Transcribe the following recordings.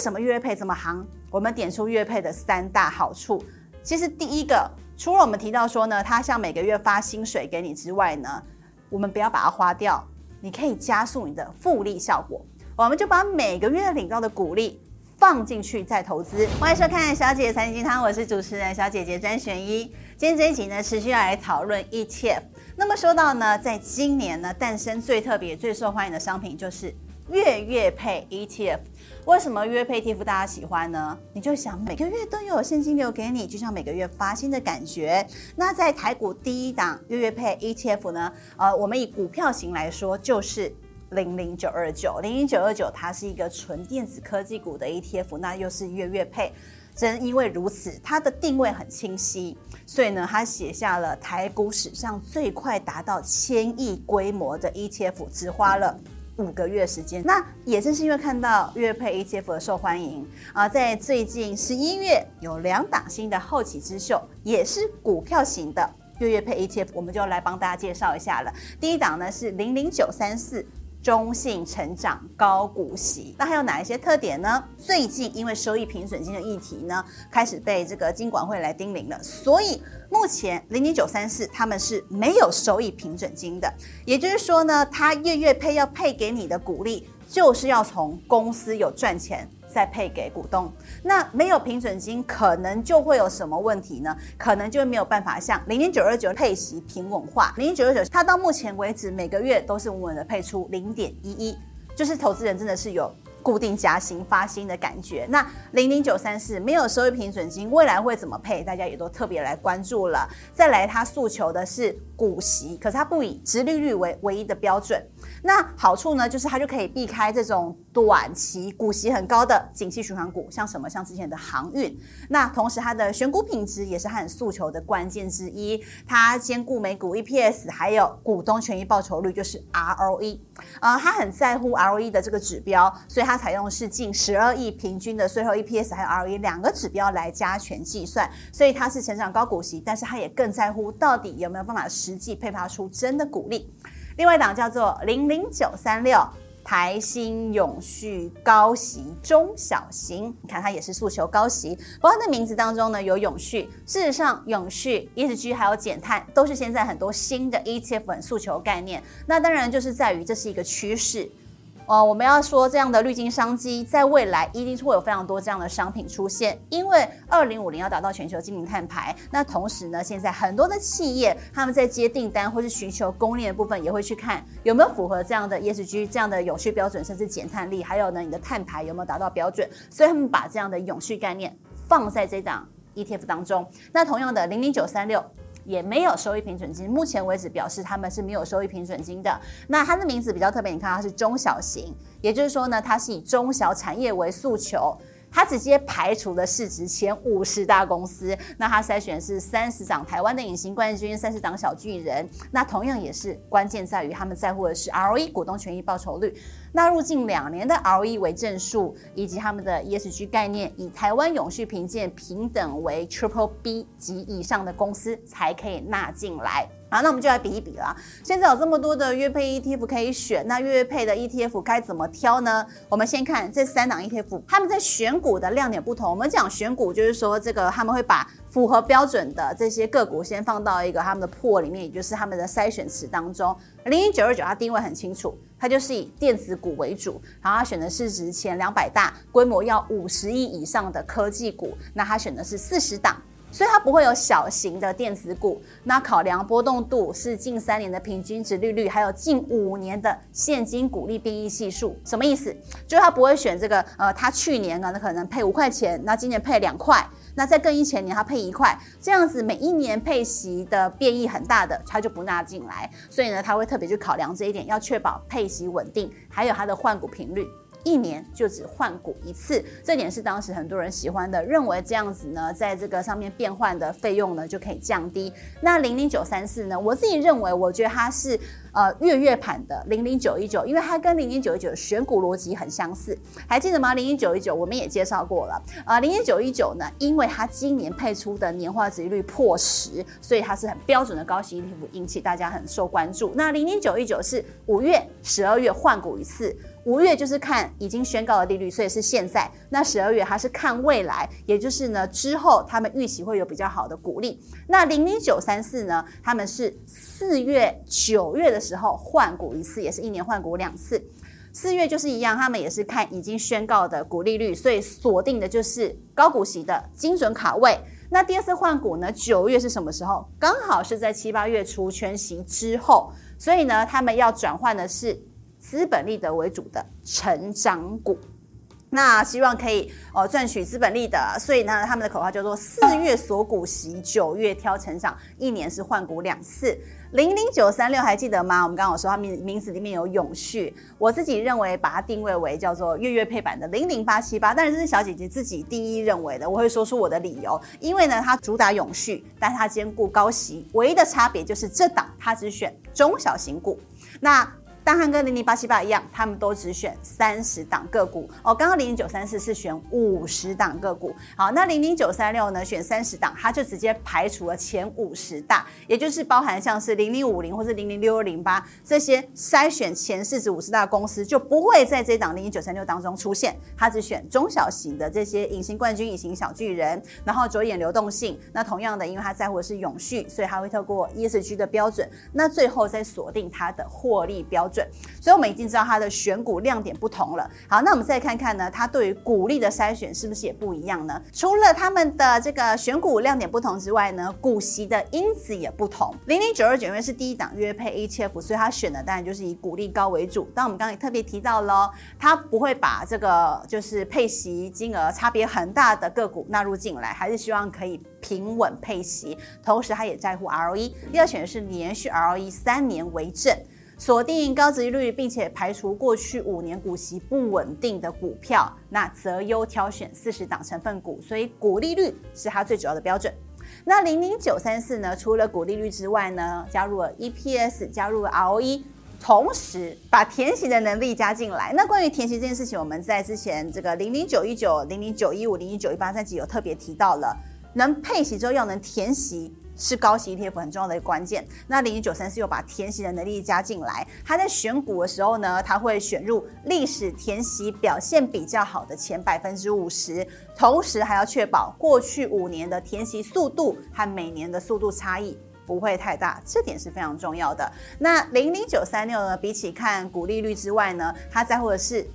什麼月配這麼行？我們點出月配的三大好處。其實第一個，除了我們提到說呢，它像每個月發薪水給你之外呢，我們不要把它花掉，你可以加速你的複利效果。我們就把每個月領到的股利放進去再投資。歡迎收看《小姐姐財經雞湯》，我是主持人小姐姐詹玄一。今天這一集呢，持續要來討論 ETF。那麼說到呢，在今年呢，誕生最特別、最受歡迎的商品就是。月月配 ETF，為什麼月配 ETF 大家喜歡呢？你就想每個月都有現金流給你，就像每個月發薪的感覺。那在台股第一檔月月配 ETF 呢？呃，我們以股票型來說，就是零零九二九，零零九二九它是一個純電子科技股的 ETF，那又是月月配。正因為如此，它的定位很清晰，所以呢，它寫下了台股史上最快達到千億規模的 ETF 之花了五個月時間，那也正是因為看到月月配 ETF 的受歡迎啊，在最近十一月有兩檔新的後起之秀，也是股票型的月月配 ETF，我們就來幫大家介紹一下了。第一檔呢是零零九三四，中信、成長、高股息，那還有哪一些特點呢？最近因為收益平準金的議題呢，開始被這個金管會來叮嚀了，所以目前零零九三四他們是沒有收益平準金的，也就是說呢，他月月配要配給你的股利，就是要從公司有賺錢。再配給股東，那沒有平準金，可能就會有什麼問題呢？可能就沒有辦法像零零九二九配息平穩化，零零九二九它到目前為止每個月都是穩穩的配出零點一一，就是投資人真的是有。固定加薪發薪的感覺，那零零九三四沒有收益平準金，未來會怎麼配？大家也都特別來關注了。再來，他訴求的是股息，可是它不以殖利率為唯一的標準。那好處呢，就是它就可以避開這種短期股息很高的景氣循環股，像什麼像之前的航運。那同時，它的選股品質也是他很訴求的關鍵之一，它兼顧每股 EPS 還有股東權益報酬率，就是 ROE。呃，他很在乎 ROE 的這個指標，所以他。它採用的是近十二億平均的稅後 EPS 還有 ROE 兩個指標來加權計算，所以它是成長高股息，但是它也更在乎到底有沒有辦法實際配發出真的股利。另外一檔叫做零零九三六台新永續高息中小型，你看它也是訴求高息，不過它的名字當中呢有永續。事實上永續 ESG 還有減碳都是現在很多新的 ETF 訴求概念，那當然就是在於這是一個趨勢。哦，我們要說這樣的綠金商機，在未來一定會有非常多這樣的商品出現，因為二零五零要達到全球淨零碳排，那同時呢，現在很多的企業他們在接訂單或是尋求供應鏈的部分，也會去看有沒有符合這樣的 ESG 這樣的永續標準，甚至減碳力，還有呢你的碳排有沒有達到標準，所以他們把這樣的永續概念放在這檔 ETF 當中。那同樣的，零零九三六。也沒有收益平準金，目前為止表示他們是沒有收益平準金的。那它的名字比較特別，你看它是中小型，也就是說呢，它是以中小產業為訴求。他直接排除了市值前五十大公司，那他篩選是三十檔台灣的隱形冠軍，三十檔小巨人。那同樣也是關鍵在於他們在乎的是 ROE 股東權益報酬率，納入近兩年的 ROE 為正數，以及他們的 ESG 概念，以台灣永續評鑑評等為 Triple B 及以上的公司才可以納進來。好，那我們就來比一比啦。現在有這麼多的月配 ETF 可以選，那月月配的 ETF 該怎麼挑呢？我們先看這三檔 ETF，他們在選股的亮點不同。我們講選股，就是說這個他們會把符合標準的這些個股先放到一個他們的 pool 裡面，也就是他們的篩選池當中。零零九二九它定位很清楚，它就是以電子股為主，然後它選的是市值前兩百大，規模要五十億以上的科技股。那它選的是四十檔。所以它不會有小型的電子股。那考量波動度是近三年的平均殖利率，還有近五年的現金股利變異係數。什麼意思？就是它不會選這個，呃，它去年呢，那可能配五塊錢，那今年配兩塊，那再更以前年它配一塊，這樣子每一年配息的變異很大的，它就不納進來。所以呢，它會特別去考量這一點，要確保配息穩定，還有它的換股頻率。一年就只換股一次，這點是當時很多人喜歡的，認為這樣子呢，在這個上面變換的費用呢就可以降低。那零零九三四呢，我自己認為，我覺得它是呃月月配的零零九一九，00919, 因為它跟零零九一九選股邏輯很相似。還記得嗎？零零九一九我們也介紹過了呃，零零九一九呢，因為它今年配出的年化殖利率破十，所以它是很標準的高息 ETF，引起大家很受關注。那零零九一九是五月、十二月換股一次。五月就是看已經宣告的利率，所以是現在。那十二月它是看未來，也就是呢之後他們預期會有比較好的股利。那零零九三四呢，他們是四月、九月的時候換股一次，也是一年換股兩次。四月就是一樣，他們也是看已經宣告的股利率，所以鎖定的就是高股息的精準卡位。那第二次換股呢，九月是什麼時候？剛好是在七八月除權息之後，所以呢，他們要轉換的是。資本利得為主的成長股，那希望可以哦賺取資本利得，所以呢，他們的口號叫做“四月鎖股息，九月挑成長，一年是換股兩次”。零零九三六還記得嗎？我們剛剛有說它名名字裡面有永續，我自己認為把它定位為叫做“月月配版”的零零八七八，但是這是小姐姐自己第一認為的，我會說出我的理由，因為呢，它主打永續，但它兼顧高息，唯一的差別就是這檔它只選中小型股，那。剛剛跟跟零零八七八一樣，他們都只選三十檔個股哦。剛剛零零九三四是選五十檔個股，好，那零零九三六呢？選三十檔，它就直接排除了前五十大，也就是包含像是零零五零或是零零六二零八這些篩選前市值五十大公司，就不會在這檔零零九三六當中出現。他只選中小型的這些隱形冠軍、隱形小巨人，然後着眼流動性。那同樣的，因為他在乎的是永續，所以他會透過 ESG 的標準，那最後再鎖定他的獲利標準。所以，我們已經知道它的選股亮點不同了。好，那我們再看看呢，它對於股利的篩選是不是也不一樣呢？除了他們的這個選股亮點不同之外呢，股息的因子也不同。零零九二卷約是第一檔約配 H f，所以它選的當然就是以股利高為主。但我們剛才也特別提到嘍，它不會把這個就是配息金額差別很大的個股納入進來，還是希望可以平穩配息。同時，它也在乎 ROE，第二選的是連續 ROE 三年為正。鎖定高殖利率，並且排除過去五年股息不穩定的股票，那擇優挑選四十檔成分股，所以股利率是它最主要的標準。那零零九三四呢？除了股利率之外呢，加入了 EPS，加入了 ROE，同時把填息的能力加進來。那關於填息這件事情，我們在之前這個零零九一九、零零九一五、零零九一八三集有特別提到了，能配息之後又能填息。是高息 ETF 很重要的一個關鍵。那零零九三四又把填息人的能力加進來，它在選股的時候呢，它會選入歷史填息表現比較好的前百分之五十，同時還要確保過去五年的填息速度和每年的速度差異不會太大，這點是非常重要的。那零零九三六呢，比起看股利率之外呢，它在乎的是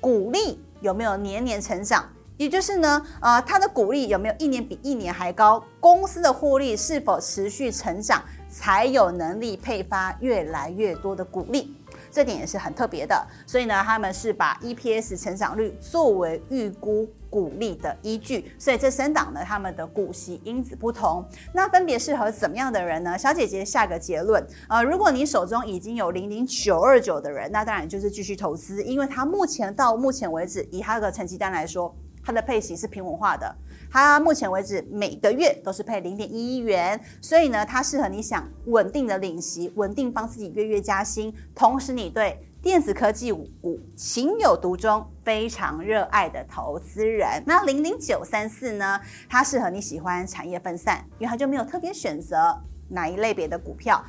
股利有沒有年年成長。也就是呢，呃，他的股利有沒有一年比一年還高？公司的獲利是否持續成長，才有能力配發越來越多的股利，這點也是很特別的。所以呢，他們是把 EPS 成長率作為預估股利的依據。所以這三檔呢，他們的股息因子不同，那分別適合怎麼樣的人呢？小姐姐下個結論，呃，如果你手中已經有零零九二九的人，那當然就是繼續投資，因為他目前到目前為止以他的成績單來說。它的配息是平穩化的，它目前為止每個月都是配零點一一元，所以呢，它適合你想穩定的領息、穩定幫自己月月加薪，同時你對電子科技股情有獨鍾、非常熱愛的投資人。那零零九三四呢，它適合你喜歡產業分散，因為它就沒有特別選擇哪一類別的股票。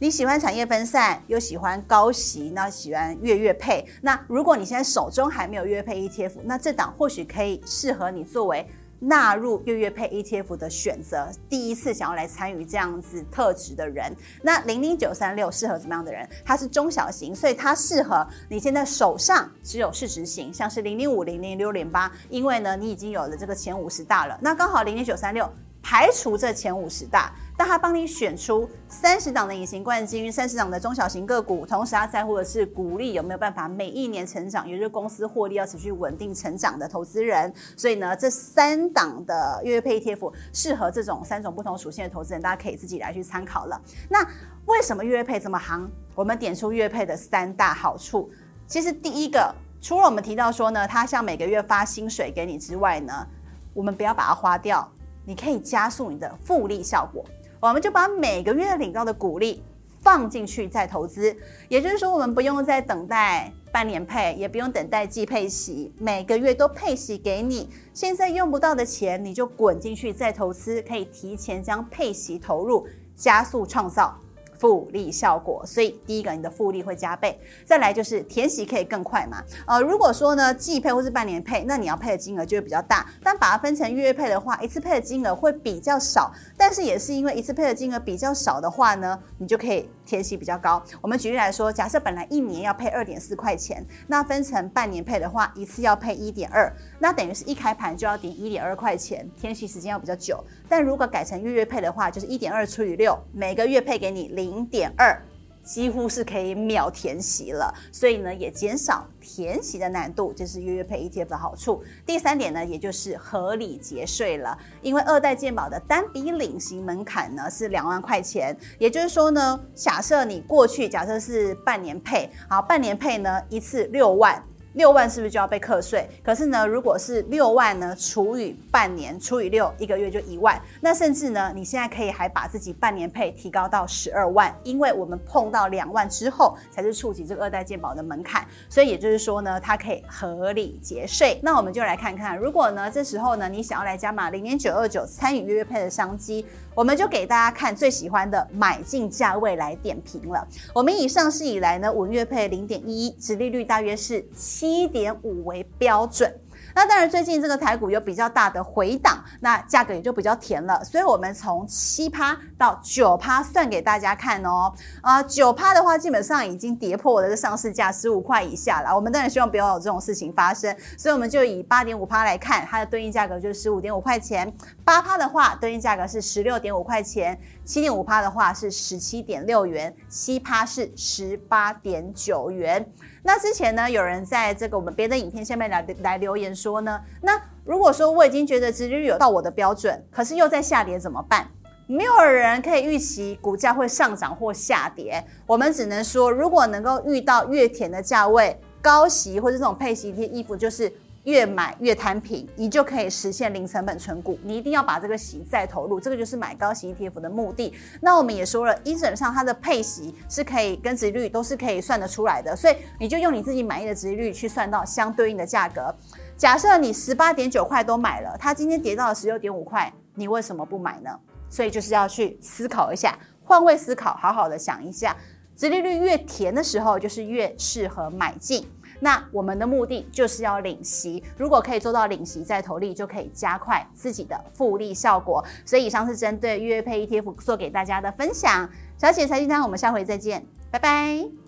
你喜歡產業分散，又喜歡高息，那喜歡月月配。那如果你現在手中還沒有月配 ETF，那這檔或許可以適合你作為納入月月配 ETF 的選擇。第一次想要來參與這樣子特質的人，那00936適合什麼樣的人？它是中小型，所以它適合你現在手上只有市值型，像是零零五零零六零八，因為呢你已經有了這個前五十大了，那剛好00936，排除這前五十大，但他幫你選出三十檔的隱形冠軍，三十檔的中小型個股。同時，他在乎的是股利有沒有辦法每一年成長，也就是公司獲利要持續穩定成長的投資人。所以呢，這三檔的月配 ETF 適合這種三種不同屬性的投資人，大家可以自己來去參考了。那為什麼月配這麼行？我們點出月月配的三大好處。其實第一個，除了我們提到說呢，它像每個月發薪水給你之外呢，我們不要把它花掉。你可以加速你的複利效果，我們就把每個月領到的股利放進去再投資，也就是說，我們不用再等待半年配，也不用等待季配息，每個月都配息給你。現在用不到的錢，你就滾進去再投資，可以提前將配息投入，加速創造。複利效果，所以第一個你的複利會加倍。再來就是填息可以更快嘛？呃，如果說呢，季配或是半年配，那你要配的金額就會比較大。但把它分成月配的話，一次配的金額會比較少。但是也是因為一次配的金額比較少的話呢，你就可以。貼息比較高，我們舉例來說，假設本來一年要配二點四塊錢，那分成半年配的話，一次要配一點二，那等於是一開盤就要貼一點二塊錢，貼息時間要比較久。但如果改成月月配的話，就是一點二除以六，每個月配給你零點二。幾乎是可以秒填息了，所以呢也減少填息的難度，這、就是月月配 ETF 的好處。第三點呢，也就是合理節稅了，因為二代健保的單筆領型門檻呢是兩萬塊錢，也就是說呢，假設你過去假設是半年配，好，半年配呢一次六萬。六萬是不是就要被課稅？可是呢，如果是六萬呢，除以半年，除以六，一個月就一萬。那甚至呢，你現在可以還把自己半年配提高到十二萬，因為我們碰到兩萬之後才是觸及這個二代健保的門檻。所以也就是說呢，它可以合理節稅。那我們就來看看，如果呢這時候呢你想要來加碼零點九二九參與月月配的商機，我們就給大家看最喜歡的買進價位來點評了。我們以上市以來呢，五月配零點一一，殖利率大約是7七點五為標準。那當然，最近這個台股有比較大的回檔，那價格也就比較甜了。所以，我們從七趴到九趴算給大家看哦。啊、呃，九趴的話，基本上已經跌破我的這上市價十五塊以下了。我們當然希望不要有這種事情發生，所以我們就以八點五趴來看，它的對應價格就是十五點五塊錢。八趴的話，對應價格是十六點五塊錢。七點五趴的話是十七點六元，七趴是十八點九元。那之前呢，有人在這個我們別的影片下面來來留言說，多呢？那如果說我已經覺得殖利率有到我的標準，可是又在下跌怎麼辦？沒有人可以預期股價會上漲或下跌，我們只能說，如果能夠遇到越甜的價位，高息或者這種配息 ETF 就是越買越攤平，你就可以實現零成本存股。你一定要把這個息再投入，這個就是買高息 ETF 的目的。那我們也說了，理論上它的配息是可以跟殖利率都是可以算得出來的，所以你就用你自己滿意的殖利率去算到相對應的價格。假設你十八點九塊都買了，它今天跌到了十六點五塊，你為什麼不買呢？所以就是要去思考一下，換位思考，好好的想一下，殖利率越甜的時候，就是越適合買進。那我們的目的就是要領息，如果可以做到領息再投利，就可以加快自己的複利效果。所以以上是針對月配 ETF 做給大家的分享，小姐姐的財經基湯，我們下回再見，拜拜。